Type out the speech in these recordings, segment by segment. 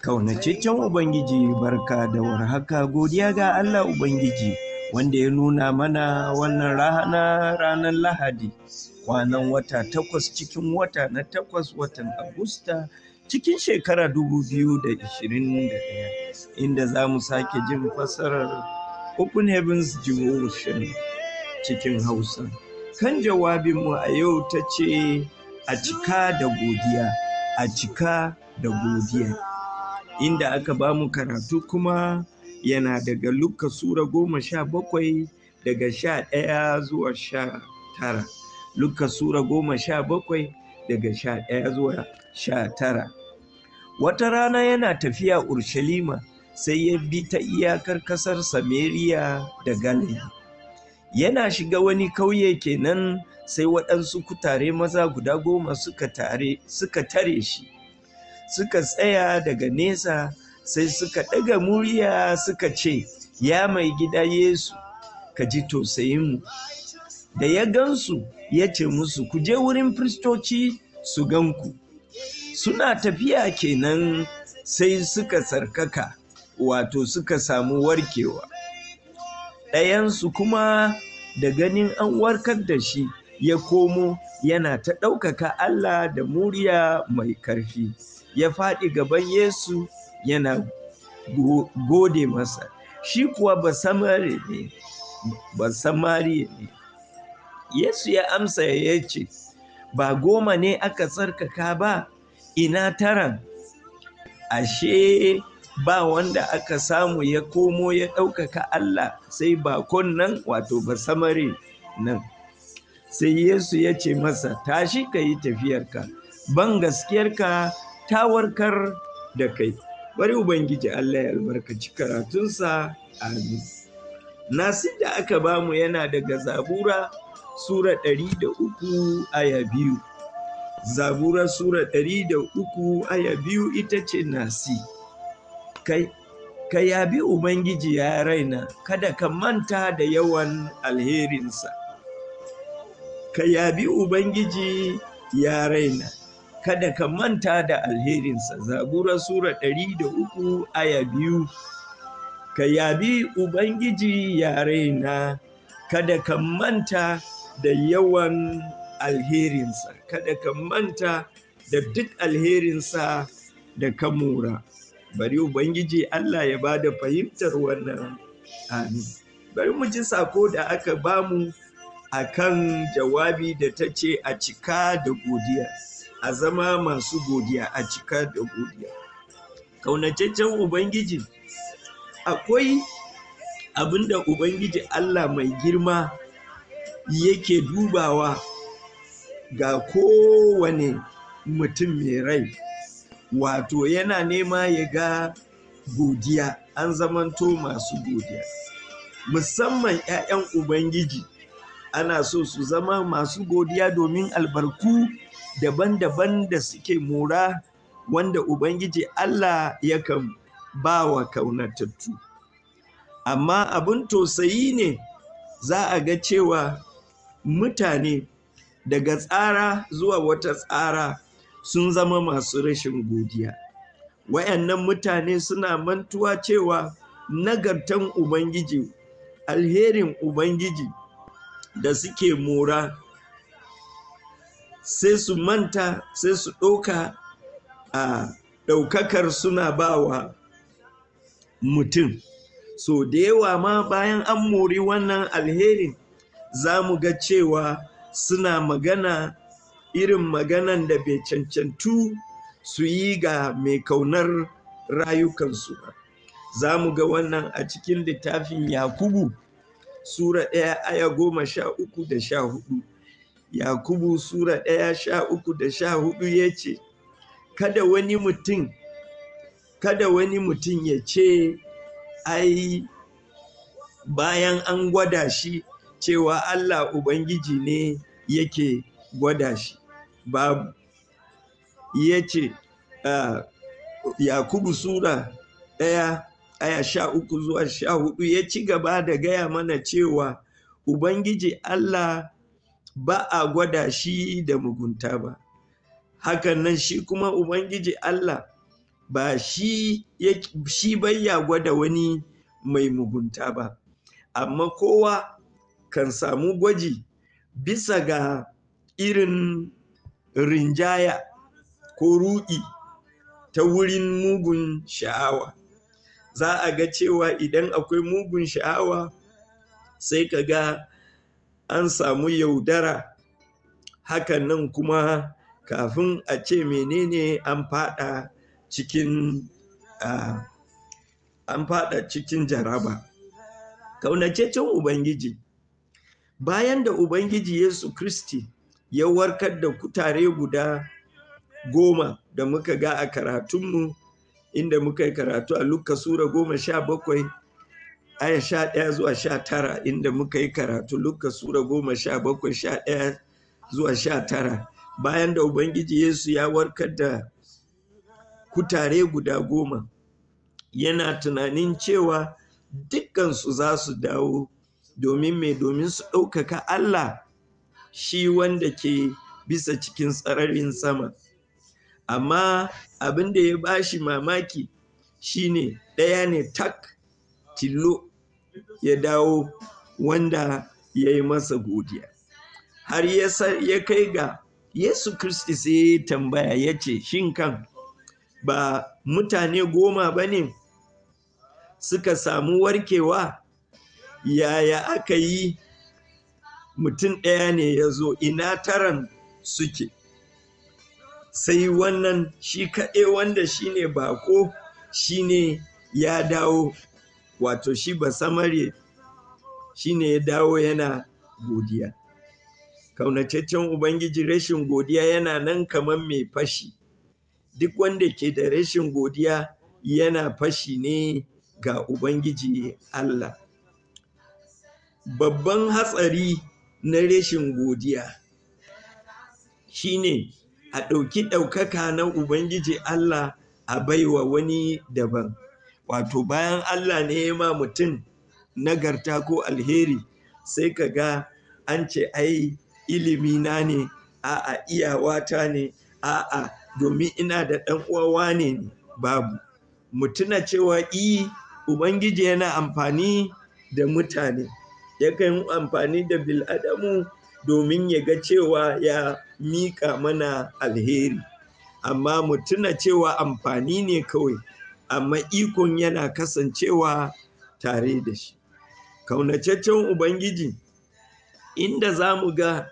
Kauna Yesu Ubangiji barka da warhaka godiya ga Allah Ubangiji wanda ya nuna mana wannan rana ranar Lahadi kwanan wata takwas cikin wata na takwas watan Agusta cikin shekara 2021 inda za mu sake jin fassarar Open Heavens Devotion. cikin Hausa. Kan jawabinmu a yau ta ce a cika da godiya, a cika da godiya. Inda aka ba mu karatu kuma yana daga Luka Sura goma sha bakwai daga sha ɗaya zuwa sha tara. Luka Sura goma sha bakwai daga sha ɗaya zuwa sha tara. Wata rana yana tafiya Urshalima sai ya bi ta iyakar ƙasar Samariya da Galilee. yana shiga wani kauye kenan sai waɗansu kutare maza guda goma suka tare shi suka tsaya daga nesa sai suka ɗaga murya suka ce ya mai gida yesu ka ji tausayinmu?' da ya gansu ya ce musu ku je wurin firistoci su ganku suna tafiya kenan sai suka sarkaka wato suka samu warkewa ɗayansu kuma da ganin an warkar da shi ya komo yana ta ɗaukaka Allah da murya mai ƙarfi ya faɗi gaban Yesu yana gode masa shi kuwa samari ne samari ne Yesu ya amsa ya ce ba goma ne aka tsarkaka ba ina taran ashe ba wanda aka samu ya komo ya ɗaukaka Allah sai bakon nan wato ba samari nan sai Yesu ya ce masa tashi ka yi tafiyarka ban gaskiyarka ta warkar da kai bari ubangiji Allah ya albarkaci karatunsa amin nasir da aka bamu yana daga zabura sura ɗari da uku aya biyu zabura sura ɗari da uku aya biyu ita ce nasi ka yabi Ubangiji ya raina, kada ka manta da yawan alherinsa. Ka yabi Ubangiji ya raina, kada ka manta da alherinsa. Zabura Sura ɗari da uku aya biyu. Ka yabi Ubangiji ya raina, kada ka manta da yawan alherinsa, kada ka manta da duk alherinsa da ka mura. bari ubangiji Allah ya bada fahimtar wannan amin bari mu ji sako da aka bamu akan jawabi da ta ce a cika da godiya a zama masu godiya a cika da godiya kaunataccen ubangiji akwai abinda ubangiji Allah mai girma yake dubawa ga kowane mutum mai rai wato yana nema ya ga godiya an zamanto masu godiya musamman 'ya'yan ubangiji ana so su zama masu godiya domin albarku daban-daban da suke mora wanda ubangiji allah yakan ba wa kaunatattu amma abin tausayi ne za a ga cewa mutane daga tsara zuwa wata tsara sun zama masu rashin godiya wayannan mutane suna mantuwa cewa nagartan ubangiji alherin ubangiji da suke mora sai su manta sai su ɗauka a ɗaukakar suna bawa mutum so da yawa ma bayan an mori wannan alherin za mu ga cewa suna magana irin maganan da bai cancantu su yi ga mai kaunar rayukansu ba za mu ga wannan a cikin littafin yakubu sura ɗaya aya goma sha uku da sha hudu yakubu sura ɗaya sha uku da sha hudu ya ce kada wani mutum kada wani mutum ya ce ai bayan an gwada shi cewa allah ubangiji ne yake gwada shi babu ya ce ah, yakubu sura ɗaya aya sha uku zuwa sha hudu ya ci gaba da gaya mana cewa ubangiji allah ba a gwada shi da mugunta ba hakan nan shi kuma ubangiji allah ba shi bayya gwada wani mai mugunta ba amma kowa kan samu gwaji bisa ga irin rinjaya ko ruɗi ta wurin mugun sha'awa za a ga cewa idan akwai mugun sha'awa sai ka ga an samu yaudara hakan nan kuma kafin a ce menene an fada cikin an fada cikin jaraba kaunacecen ubangiji bayan da ubangiji yesu kristi ya warkar da kutare guda goma da muka ga a karatunmu inda muka yi karatu a Luka Sura goma sha bakwai aya sha ɗaya zuwa sha tara inda muka yi karatu Luka Sura goma sha bakwai sha ɗaya zuwa sha tara bayan da Ubangiji Yesu ya warkar da kutare guda goma yana tunanin cewa dukkansu za su dawo domin mai domin su ɗaukaka Allah shi wanda ke bisa cikin tsararin sama amma abin da ya ba shi mamaki shine ɗaya ne tak tilo ya dawo wanda ya yi masa godiya har ya kai ga yesu kristi sai ya tambaya ya ce shin kan ba mutane goma ba ne suka samu warkewa yaya aka yi mutum ɗaya ne ya zo ina taron suke sai wannan shi kaɗai wanda shi ne bako shi ne ya dawo wato shi ba samare shi ne ya dawo yana godiya kaunataccen ubangiji rashin godiya yana nan kamar mai fashi duk wanda ke da rashin godiya yana fashi ne ga ubangiji allah babban hatsari na rashin godiya shine a ɗauki ɗaukaka na ubangiji Allah a baiwa wani daban wato bayan Allah ne ya ma mutum nagarta ko alheri sai ka ga an ce ai ilimi na ne a'a iyawata ne a'a domin ina da ɗan uwa ne babu mutuna cewa i ubangiji yana amfani da mutane yakan amfani da bil'adamu domin ya ga cewa ya miƙa mana alheri amma mu tuna cewa amfani ne kawai amma ikon yana kasancewa tare da shi kaunataccen ubangiji inda za mu ga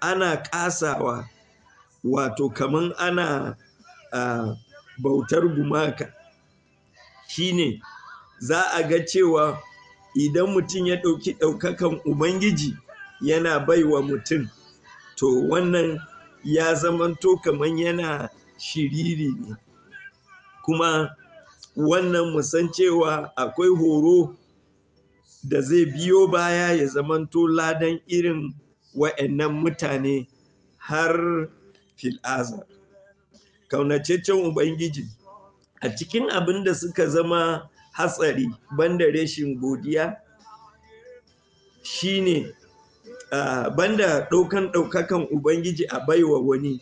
ana ƙasawa wato kaman ana uh, bautar gumaka shine za a ga cewa idan mutum ya ɗauki ɗaukakan ubangiji yana baiwa mutum to wannan ya zamanto kamar yana shiriri ne kuma wannan musan cewa akwai horo da zai biyo baya ya zamanto ladan irin wa'annan mutane har fil'aza Kaunaceccen ubangiji a cikin abin da suka zama hatsari banda rashin godiya shine banda ɗaukan ɗaukakan ubangiji a baiwa wani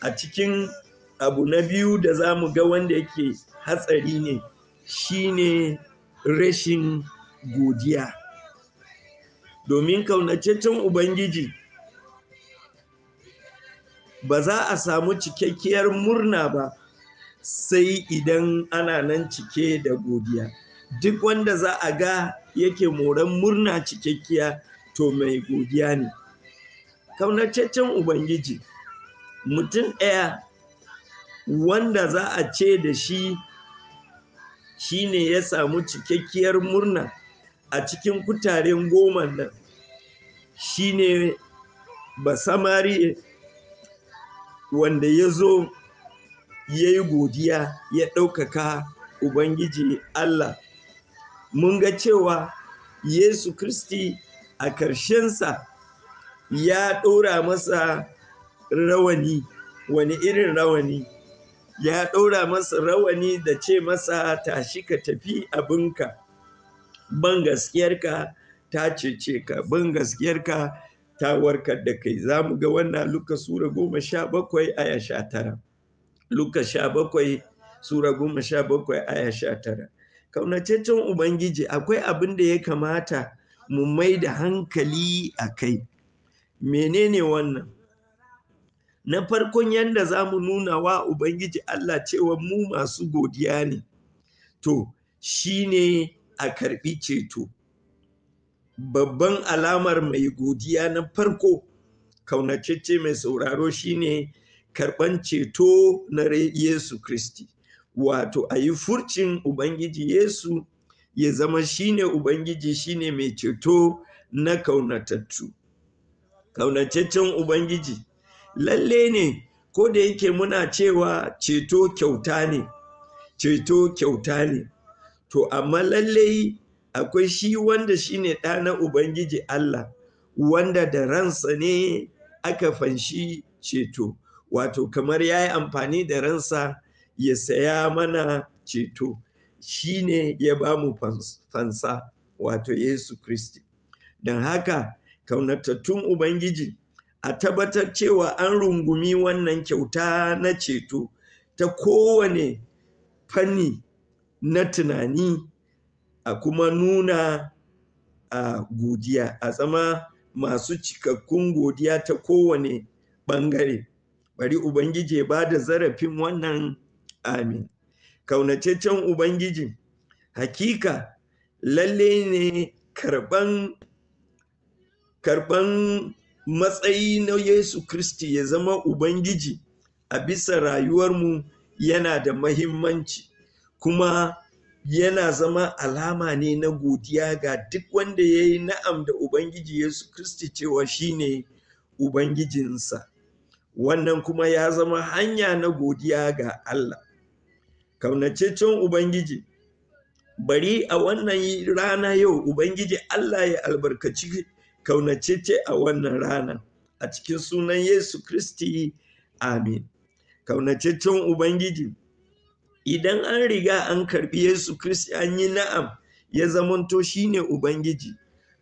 a cikin abu na biyu da za mu ga wanda yake hatsari ne shine rashin godiya domin kaunacecen ubangiji ba za a samu cikakkiyar murna ba sai idan ana nan cike da godiya duk wanda za a ga yake moran murna cikakkiya to mai godiya ne kaunataccen ubangiji mutum ɗaya wanda za a ce da shi shine ya samu cikakkiyar murna a cikin kutaren goma nan shine basamari wanda ya zo ya yi godiya ya ɗaukaka Ubangiji Allah. Mun ga cewa Yesu Kristi a ƙarshensa ya ɗora masa rawani, wani irin rawani, ya ɗora masa rawani da ce masa tashi ka tafi abinka, ban gaskiyarka ta cece ka, ban gaskiyarka ta warkar da kai. Za mu ga wannan Luka Sura goma sha bakwai aya sha tara. Luka sha bakwai Sura goma sha bakwai aya sha tara. Kaunataccen Ubangiji akwai abin da ya kamata mu mai da hankali a kai. Menene wannan? Na farkon yadda za mu nuna wa Ubangiji Allah cewa mu masu godiya ne, to shi ne a karɓi ceto. Babban alamar mai godiya na farko, kaunacece mai sauraro shine karɓan ceto na Yesu Kristi. Wato, a yi furcin Ubangiji Yesu ya zama shi ne Ubangiji shi ne mai ceto na kaunatattu. Kaunataccen Ubangiji, lalle ne ko da yake muna cewa ceto kyauta ne, ceto kyauta ne, to amma lallai akwai shi wanda shine ɗa na Ubangiji Allah, wanda da ransa ne aka fanshi ceto. wato kamar ya yi amfani da ransa ya saya mana ceto shi ne ya ba mu fansa wato yesu kristi don haka kaunatattun ubangiji a tabbatar cewa an rungumi wannan kyauta na ceto ta kowane fanni na tunani a kuma nuna a godiya a zama masu cikakkun godiya ta kowane ɓangare bari ubangiji ya ba da zarafin wannan amin kaunataccen ubangiji hakika lalle ne karban karban matsayi na yesu kristi ya zama ubangiji a bisa rayuwarmu yana da mahimmanci kuma yana zama alama ne na godiya ga duk wanda ya yi na'am da ubangiji yesu kristi cewa shine ubangijinsa wannan kuma ya zama hanya na godiya ga Allah kaunacecen ubangiji bari a wannan rana yau ubangiji Allah ya albarkaci kaunacece a wannan rana a cikin sunan Yesu Kristi amin kaunacecen ubangiji idan an riga an karbi Yesu Kristi an yi na'am ya zamanto shine ubangiji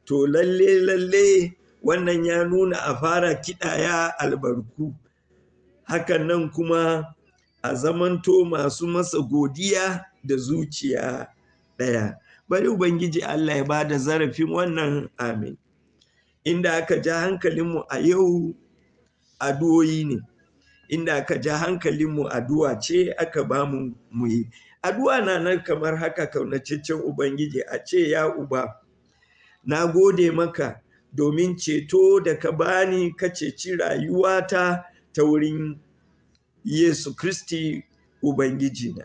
to lalle lalle wannan ya nuna a fara kiɗa ya albarku hakan nan kuma a zamanto masu masa godiya da zuciya ɗaya bari ubangiji allah ya bada zarafin wannan amin inda aka ja hankalinmu a yau addu'o'i ne inda aka ja hankalinmu addu'a ce aka ba mu yi addu'a na nan kamar haka kaunaceccen ubangiji a ce ya uba na gode maka domin ceto da ka bani ka ceci rayuwata ta wurin Yesu Kristi Ubangijina.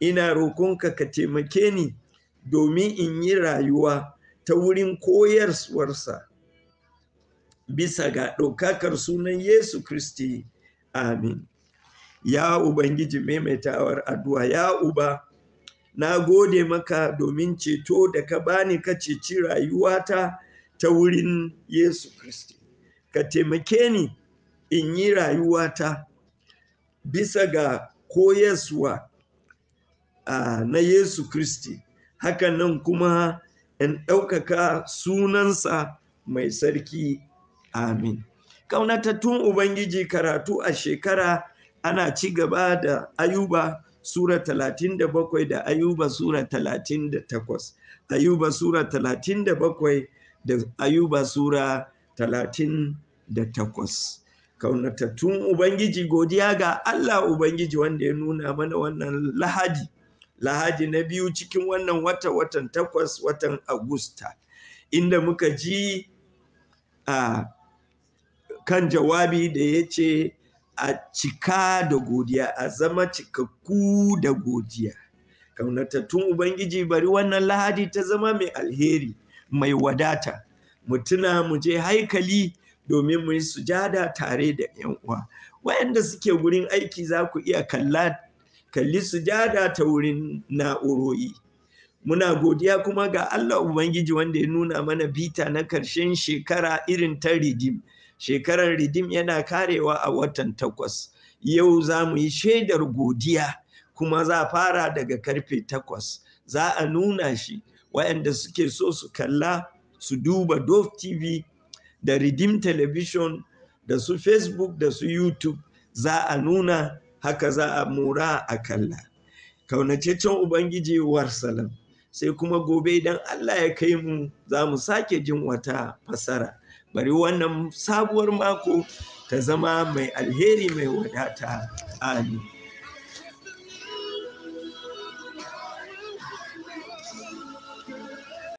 Ina roƙonka ka taimake ni domin in yi rayuwa ta wurin koyarwarsa bisa ga ɗaukakar sunan Yesu Kristi. Amin. Ya Ubangiji maimaitawar addu'a, ya Uba, na gode maka domin ceto da ka bani ka ceci rayuwata ta. ta wurin Yesu Kristi. Ka taimake ni in yi rayuwata bisa ga koyaswa na Yesu Kristi, hakan nan kuma in ɗaukaka sunansa mai sarki. Amin. Ƙaunatattun Ubangiji karatu a shekara ana ci gaba da Ayuba Sura talatin da bakwai da Ayuba Sura talatin da takwas. Ayuba Sura talatin da bakwai da ayuba sura talatin da takwas kaunatattun ubangiji godiya ga allah ubangiji wanda ya nuna mana wannan lahadi lahadi na biyu cikin wannan wata watan takwas watan agusta inda muka ji a kan jawabi da ya ce a cika da godiya a zama cikakku da godiya kaunatattun ubangiji bari wannan lahadi ta zama mai alheri mai wadata mu tuna mu je haikali domin mu yi sujada tare da yan uwa wayanda suke wurin aiki za ku iya kalla kalli sujada ta wurin na'urori muna godiya kuma ga Allah Ubangiji wanda ya nuna mana bita na karshen shekara irin ta ridim shekarar ridim yana karewa a watan takwas yau za mu yi shaidar godiya kuma za fara daga karfe takwas za a nuna shi waɗanda suke so su kalla su duba Dove TV da Redeem Television da su Facebook da su YouTube za a nuna haka za a mura a kalla. Kaunataccen Ubangiji salam sai kuma gobe idan Allah ya kai mu za mu sake jin wata fasara. Bari wannan sabuwar mako ta zama mai alheri mai wadata. Amin.